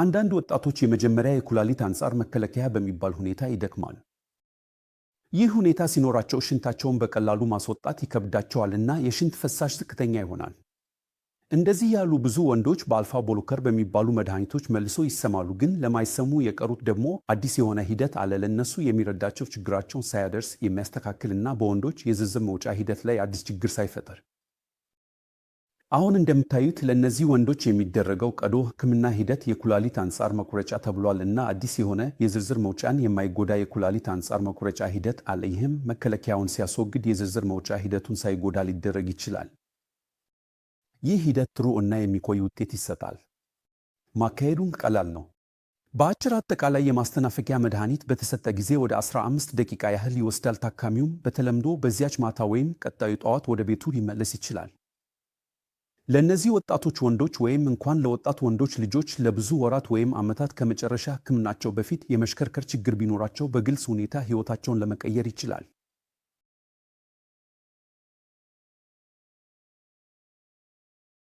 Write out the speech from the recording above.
አንዳንድ ወጣቶች የመጀመሪያ የኩላሊት አንጻር መከለከያ በሚባል ሁኔታ ይደክማሉ። ይህ ሁኔታ ሲኖራቸው ሽንታቸውን በቀላሉ ማስወጣት ይከብዳቸዋልና የሽንት ፈሳሽ ዝቅተኛ ይሆናል። እንደዚህ ያሉ ብዙ ወንዶች በአልፋ ቦሎከር በሚባሉ መድኃኒቶች መልሶ ይሰማሉ፣ ግን ለማይሰሙ የቀሩት ደግሞ አዲስ የሆነ ሂደት አለ ለእነሱ የሚረዳቸው ችግራቸውን ሳያደርስ የሚያስተካክልና በወንዶች የዝዝብ መውጫ ሂደት ላይ አዲስ ችግር ሳይፈጠር አሁን እንደምታዩት ለእነዚህ ወንዶች የሚደረገው ቀዶ ሕክምና ሂደት የኩላሊት አንጻር መቁረጫ ተብሏል እና አዲስ የሆነ የዝርዝር መውጫን የማይጎዳ የኩላሊት አንጻር መቁረጫ ሂደት አለ። ይህም መከለከያውን ሲያስወግድ የዝርዝር መውጫ ሂደቱን ሳይጎዳ ሊደረግ ይችላል። ይህ ሂደት ጥሩ እና የሚቆይ ውጤት ይሰጣል። ማካሄዱን ቀላል ነው። በአጭር አጠቃላይ የማስተናፈቂያ መድኃኒት በተሰጠ ጊዜ ወደ 15 ደቂቃ ያህል ይወስዳል። ታካሚውም በተለምዶ በዚያች ማታ ወይም ቀጣዩ ጠዋት ወደ ቤቱ ሊመለስ ይችላል። ለእነዚህ ወጣቶች ወንዶች ወይም እንኳን ለወጣት ወንዶች ልጆች ለብዙ ወራት ወይም ዓመታት ከመጨረሻ ሕክምናቸው በፊት የመሽከርከር ችግር ቢኖራቸው በግልጽ ሁኔታ ሕይወታቸውን ለመቀየር ይችላል።